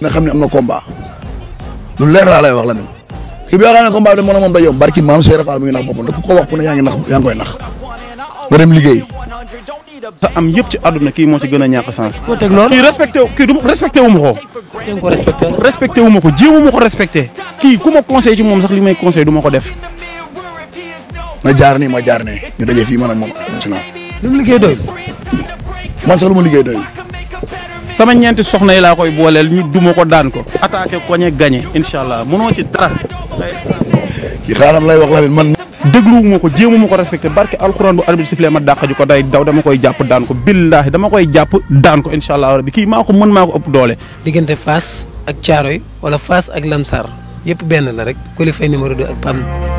nga xam ne am na combat lu leer laa lay wax la même kii bi yaakaar ne combat bi de ma da yomb barki ngi nax boppam da ko wax ku ne yaa ngi nax yaa ngi nax nga dem liggéey. te am yëpp ci àdduna kii moo ci gën a ñàkk sens. foo teg loolu kii respecté kii du respecté wu ma ko. da nga respecté wu. respecté wu ma ko jéemu ma ko respecté. kii ku ma conseil ci moom sax li may conseil du ma ko def. ma jaar ni ma jaar ne ñu daje fii man ak moom ci naaw. li mu liggéey doyul. man sax lu ma liggéey doyul. sama ñeenti soxna yi laa koy booleel ñu duma ko daan ko attaqué koñe gagné incha allah mënoo ci dara. ci xaaral lay wax la man. dégluwuma ko jéemuma ko respecté barke alxuraan bu arbitre sifflé ma dàq ju ko day daw dama koy jàpp daan ko billaahi dama koy jàpp daan ko incha allah rabbi kii maa ko mën maa ko ëpp doole. diggante Fass ak yi wala faas ak Lamsar yëpp benn la rek Coly Faye numéro 2 ak PAM.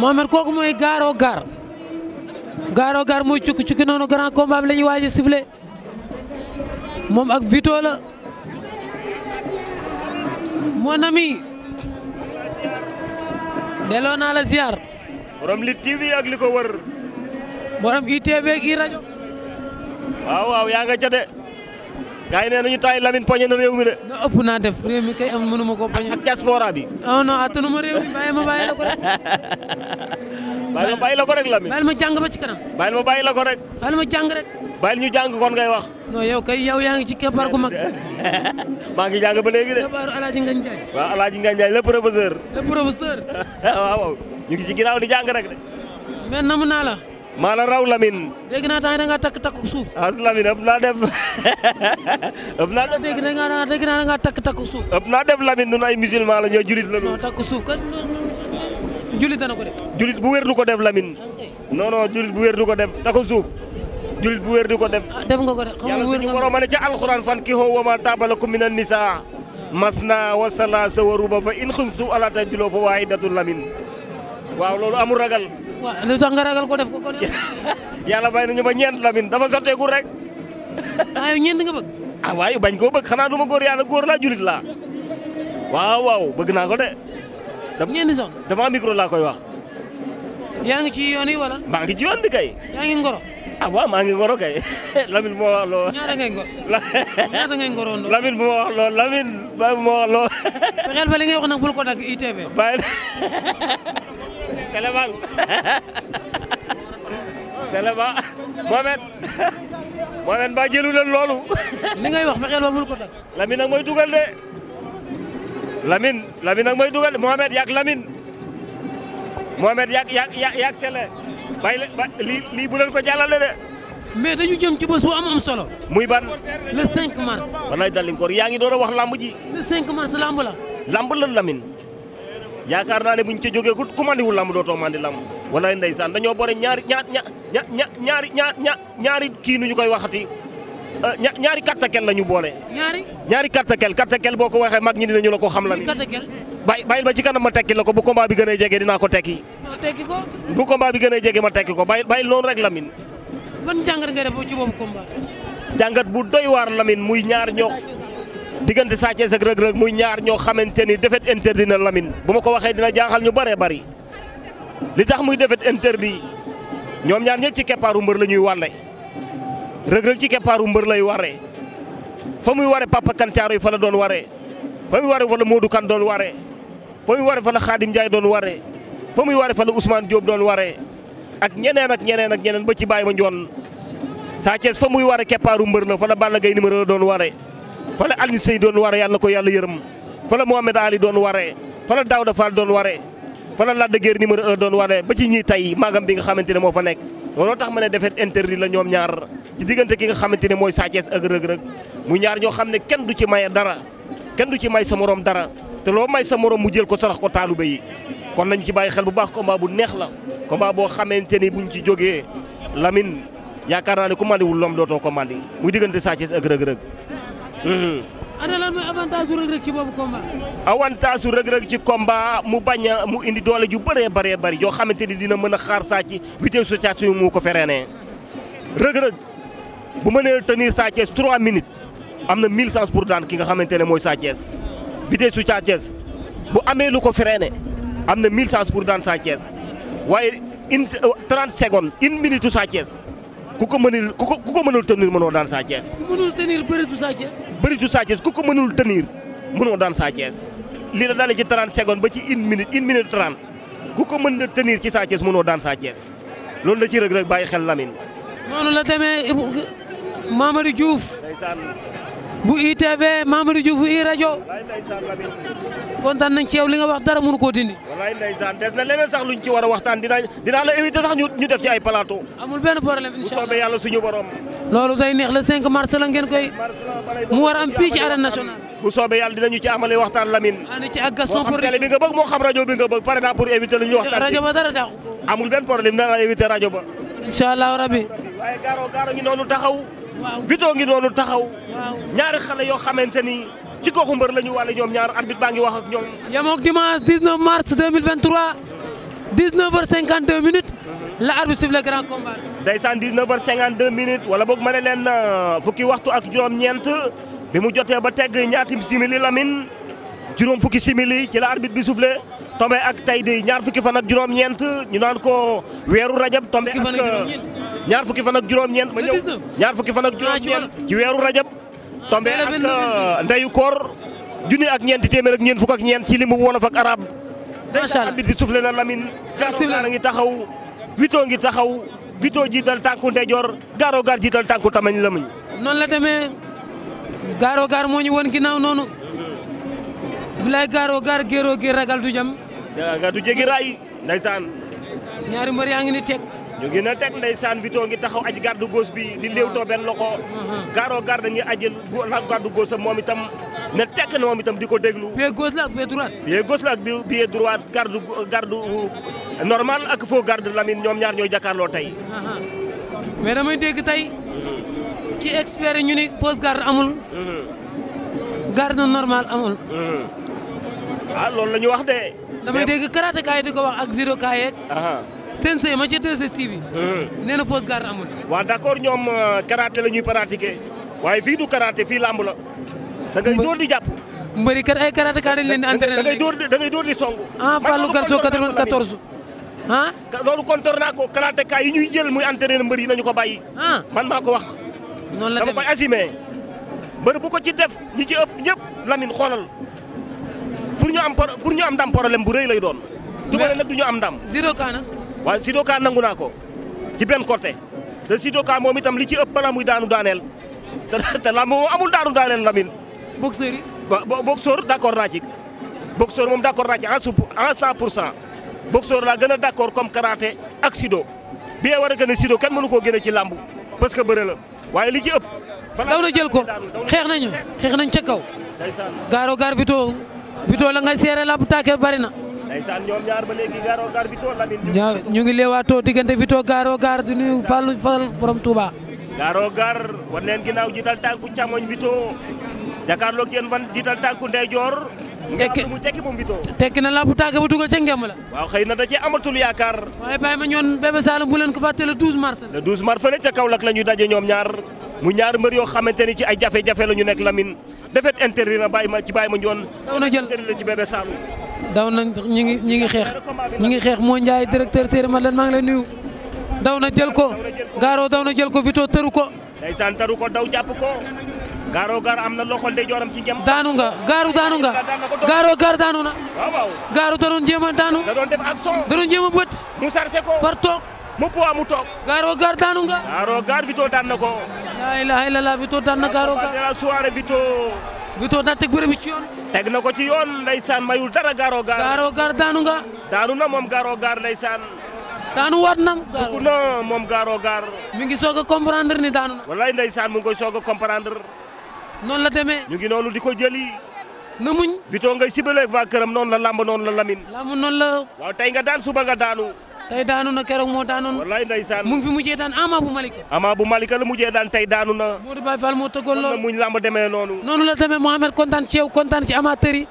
Mohamed kooku mooy Garo Gare Garo Gare mooy cukki cukki noonu grand combat bi la ñuy waaj a moom ak Vito la mon ami naa la ziar. borom li TV ak li ko wër. borom ITV ak i rajo. waaw yaa nga ca de. gars yi nee nañu taay Lamine poñe na réew mi de. non ëpp naa def réew mi kay am mënu ma koo poñe. ak diaspora bi. non non attanu ma réew mi bàyyi ma bàyyi la ko rek. bàyyi ma bàyyi la ko rek Lamine. bàyyi ma jàng ba ci kanam. bàyyi ma bàyyi la ko rek. bàyyi ma jàng rek. bàyyi ñu jàng kon ngay wax. non yow kay yow yaa ngi ci keppaar gu mag. maa ngi jàng ba léegi de. keppaaru El Hadj Ngagne Ndiaye. waaw El Hadj Ngagne Ndiaye le professeur. le ñu ngi ci ginnaaw di jàng rek de. mais namu naa la. maa la raw Lamine. dégg naa da ngaa takk takku suuf. as Lamine ëpp na def ëpp naa def. dégg naa dégg takk takku suuf. naa def Lamine nun ay musulman la ñoo julit la. non takku suuf kat julit ko def. bu wér du ko def lamin noonoo non julit bu wer du ko def takku suuf. julit bu wér du ko def. Ah, def nga ko de xam nga wér nga borom ne ca alxuraan fan ki xoo wama taabalakum minan nisaa masna wa salaasa wa ruba fa in xumtum ala tajuloo fa waahidatun Lamine. waaw loolu amul ragal. waaw lu tax nga ragal ko def ko kon. yàlla bàyyi nañu ba ñeent Lamine dafa sotteeku rek. waaw ah, yow ah, bañ ko bëgg xanaa duma ma góor yàlla góor julit laa waaw waaw bëgg naa ko de. dama ñeenti laa koy wax. yaa ngi ci yoon yi wala. maa ngi ci yoon bi kay. yaa ngi ngoro. ah waaw maa ngi ngoro kay Lamine moo wax loo. ñaata ngay ngoro ñaata ngay wax loo Lamine ba moo wax loo. fexeel li ngay wax nag bul ko dagg ITV. bàyyi Seleman. Seleman Mohamed Mohamed ba jëlu leen loolu. li wax fexeel ba bul ko teg. Lamine nag mooy dugal de Lamine Lamine nag mooy dugal de Mohamed yaak Lamine Mohamed yak yaak yaak Sele bàyyi la lii lii bu leen ko jàllale de. mais dañu jëm ci bés bu am am solo. muy ban. le 5 mars. walaay dalin koor yaa ngi door a wax lamb ji. le 5 mars lamb la. lamb yaakaar naa ne buñ ca jógee ku mandiwul lamb dootoo mandi lamb wala ndeysaan dañoo boole ñaari ñaar ña ña ña ñaari ñaar ña ñaari kii nu ñu koy waxati euh, ña ñaari kattakel la ñu boole. ñaari ñaari kattakel kattakel boo ko waxee mag ñi dinañu la ko xam la ni bàyyi bàyyil ba ci kanam ma tekki la ko bu combat bi gën a jege dinaa ko tekki. non tekki ko. bu combat bi gën a jege ma tekki ko bay bàyyil noonu rek Lamine. ban jàngat nga def ci boobu combat. jàngat bu doy waar Lamine muy ñaar ñoo diggante Sa Thiès ak Reug Reug muy ñaar ñoo xamante ni défaite interdit na Lamine bu ma ko waxee dina jaaxal ñu bëree bëri li tax muy défaite interdit ñoom ñaar ñëpp ci keppaaru mbër la ñuy wàlle Reug Reug ci keppaaru mbër lay waree fa muy waree Papa Kancaaro yi fa la doon ware fa muy waree fa la Modou Kan doon waree fa muy waree fa la Khadim Ndiaye doon ware fa muy waree fa la Ousmane jóob doon waree ak ñeneen ak ñeneen ak ñeneen ba ci bàyyi ma njoon Sa Thiès fa muy waree keppaaru mbër la fa la Balla Gaye numéro doon waree. fa la Alioune Seye doon waree yàlla ko yàlla yërëm fa la Mohamed Ali doon waree fa la Daouda Fall doon waree fa la Lac de Guiers numéro 1 doon waree ba ci ñii tey magam bi nga xamante ne moo fa nekk. looloo tax ma ne defet interdit la ñoom ñaar ci diggante ki nga xamante ne mooy Sa Thiès ak Reug Reug mu ñaar ñoo xam ne kenn du ci maye dara kenn du ci may sa moroom dara te loo may sa morom mu jël ko sarax ko taalube yi kon nañu ci bàyyi xel bu baax combat bu neex la combat boo xamante ni buñ ci jógee Lamine yaakaar naa ne commandé wul lom dootoo commandé muy diggante Sa Thiès ak Reug Reug ana lan mooy avantage su rëg-rëg ci boobu combat. avantage su ci combat mu bañ a mu indi doole ju bëree bëree bëri yoo xamante ni dina mën a xaar saa ci vitesse mu ko fereenee rëg-rëg bu mënee tenir Sa Thiès 3 minutes am na 1000 chance pour daan ki nga xamante ne mooy Sa Thiès vitesse bu amee lu ko freiné am na 1000 chance pour daan Sa Thiès waaye une 30 secondes une minute su ku ko mënul ku ko ku ko mënul tenir mënoo daan Sa Thiès. ku mënul tenir bëritu Sa Thiès. bëritu Sa ku ko mënul tenir mënoo daan Sa li lii la dalee ci 30 secondes ba ci une minute une minute 30 ku ko mën a tenir ci Sa Thiès mënoo daan Sa Thiès loolu la ci Reug Reug bàyyi xel lamin noonu la demee Mamadou Diouf. bu ITV Mamadou Diouf bu i rajo kontaan nañ ci yow li nga wax dara mënu koo dindi. walaay ndeysaan des na leneen sax luñ ci war a waxtaan dinaa dinaa la invité sax ñu def ci ay plateau. amul benn problème incha allah bu soobee yàlla suñu borom. loolu tey neex le a la invité rajo ba. waaye gaaro gaaro ñu noonu taxaw Vito ngi noonu taxaw. ñaari xale yoo xamante ni ci goxu mbër lañu walla ñoom ñaar arbitre baa ngi wax ak ñoom. yemook dimanche 19 mars 2023 19h52 minutes la arbitre siffle grand combat. ndeysaan 19h52 minutes wala boog ma ne leen euh, fukki waxtu ak juróom-ñeent bi mu jotee ba tegg ñaati simili lamin juróom fukki simili ci la arbitre bi soufflé tombé ak tey ñaar fukki fan ak juróom-ñeent ñu naan ko weeru rajab tombé ak. ñaar fukki fan ak juróom-ñeent ma ñëw ñaar fukki fan ak juróom-ñeent ci weeru rajab ah, tombé ak euh, ndeyu koor junni ak ñeent téeméer ak ñeent fukk ak ñeent ci limu wolof ak arab macha allah bi suufle na Lamine gaaro gaar ngi taxaw witoo ngi taxaw witoo jiital tànku ndeyjoor gaaro gaar jiital tànku tamañ la muñ noonu la demee gaaroo gaar moo ñu woon ginnaaw noonu bilaay gaaro gaar géeroo gi ragal du jam nga du ñaari mbër yaa ngi ni ñu ngi na teg ndeysaan Vito ngi taxaw aji garde gauche bi di léewtoo benn loxo. gaaro garde ngi aji la garde gauche am moom itam na tekk na moom itam di ko déglu. pied gauche la ak pied droit. garde garde normal ak faux garde Lamine ñoom ñaar ñooy jàkkaarloo tey. mais damay dégg tey ki expert ñu ni fausse garde amul. garde normal amul. ah loolu la ñu wax de. damay dégg karaté kaay di ko wax ak judo seen sëy ma ci 2STV bi. Euh. nee na fausse garde amul. waaw d'accord ñoom euh, karaté la ñuy pratiquer waaye fii du karaté fii làmb la. da ngay dóor di jàpp. mbëri kat ay karaté ka dañ leen di entraîner ngay dóor di da ngay dóor di song. ah Fallou Garso 94. ah loolu kontor naa ko karaté yi ñuy jël muy entraîner mbër yi nañu ko bay ah. man maa ko wax. noonu la demee dama koy assumer. mbër bu ko ci def ñi ci ëpp ñëpp Lamine xoolal pour ñu am pour ñu am ndam bu rëy lay doon. mais du nag du ñu am dam zero kaana. waaye Sidoka nangu naa ko ci benn côté te Sidoka moom itam li ci ëpp balaa muy daanu daaneel te te làmb moom amul daanu daaneel Lamine. boxeur yi waaw boxeur d' accord naa ci boxeur moom d' accord naa ci en suuf en cent pour cent boxeur laa gën a d' accord comme karaté ak Sido bi war a gën a Sido kenn mënu koo génne ci làmb parce que bëre la waaye li ci ëpp. daw na jël ko xeex nañu xeex nañu ca kaw. gaaro gaar Vito Vito la ngay seere làmb taakee bari ndeysaan ñoom ñaar ba léegi gaaroo gaar Vito Lamine ñaaw ñu ngi leewaatoo diggante Vito gaaroo gaar di nuyu Fallou Fall borom Touba gaaroo gaar wan leen ginnaaw jiital tànku tànku ndeyjoor tekki mu tekki moom Vito tekki na làmpu tànk ba dugal ca ngemb la waaw xëy na da cee amatul yaakaar waaye bàyyi ma ñoon Bébé Saloum bu leen ko fàtte le 12 mars le 12 mars fële ca la ñuy daje ñoom ñaar mu ñaar mbër yoo xamante ni ci ay jafe-jafe la ñu nekk Lamine defet interdit na bay ma ci bàyyi ma ñoon daw na jël la ci Bébé Saloum daw nañ ñi ngi ñi ngi xeex ñi ngi xeex moo Ndiaye directeur Seydou Madeleine maa ngi lay nuyu daw na jël ko Garo daw na jël ko Vito tëru ko. ndeysaan tëru ko daw jàpp ko gaaro gaar am na loxo ndeyjooram ci jëm. daanu nga Garo daanu nga Garo Garo daanu na. waaw waaw Garo da doon jéem a a bët. mu sarse ko far toog. mu puwa mu toog. gaaro Garo daanu nga. Garo Garo Vito daan na ko. laa ilaaha illallaah Vito daan na Garo Garo. soirée Vito. Vito daa te bëre ci yoon. teg na ko ci yoon ndeysaan mayul dara gaaro gaar gaaro gaar daanu nga daanu na moom gaaro gaar ndeysaan daanu waat na sukk na moom gaaro gaar mi ngi soog a comprendre ni daanu na wallaay ndeysaan mu ngi koy soog a comprendre la demee ñu ngi noonu di ko jëli na muñ Vito ngay sibaleeg waa këram noonu la lamb noonu la lamin lamb noonu la waaw tey nga daan suba nga daanu tey daanu na keroog moo daanoon. wallaay ndeysaan mu ngi fi mujjee daan ama bu Malika. ama bu Malika la mujjee daan tey daanu na. Modou Baye Fall moo tëggoon loolu muñ làmb demee noonu. noonu la demee Mouhamed kontaan ci yow kontaan ci amateur yi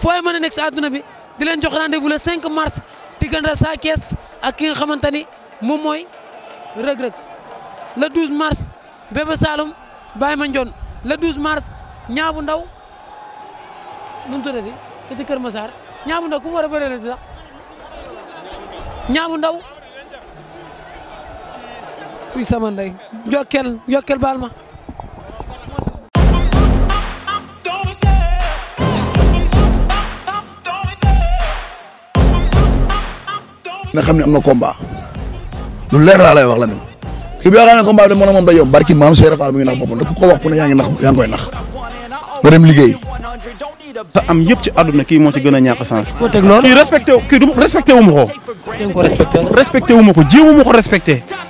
fooy mën a nekk si bi di leen jox rendez-vous le 5 mars diggante Sa Thiès ak ki nga xamante ni moom mooy rëg-rëg le 12 mars Bébé Saloum Baye Mandione le 12 mars ñaa bu ndaw nu mu tuddati ka ci Kër Massar ndaw ku war a bëree ñaamu ndaw kuy sama ndey jokkel jokkel baal ma nga xam ne am na combat lu leer laa lay wax la même kii bi yaakaar naa combat bi de moom moom day yomb barki maam Seydou Fall mi ngi nax boppam da ko ko wax ku yaa ngi nax yaa ngi koy nax nga liggéey te am yëpp ci àdduna kii moo ci gën a ñàkk sens. foo teg loolu kii respecté kii du respecté wu ma ko. da nga ko respecté woon respecté wu ma ko jéemu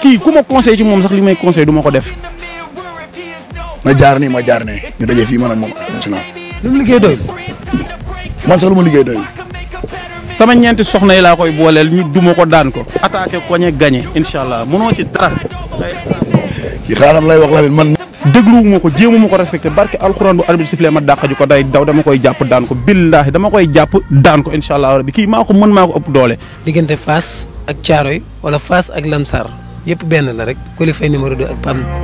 kii ku ma conseil ci moom sax li may conseil du ma ko def. ma jaar nii ma jaar ne ñu daje fii man ak moom ci naan. lu mu liggéey doy. man sax lu mu liggéey doy. sama ñeenti soxna yi laa koy booleel ñu duma ko daan ko. attaqué koñe gagné incha allah mënoo ci dara. kii xaaral lay wax la man. dégluwuma ko jéemuma ko respecté barke alxuraan bu arbitre sifflé ma dàq ko day daw dama koy jàpp daan ko billaahi dama koy jàpp daan ko incha allah rabbi kii maa ko mën maa ko ëpp doole. diggante Fass ak Thiaroye wala Fass ak Lamsar yëpp benn la rek Coly Faye numéro 2 ak PAM.